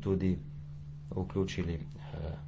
tudi vključili. Eh,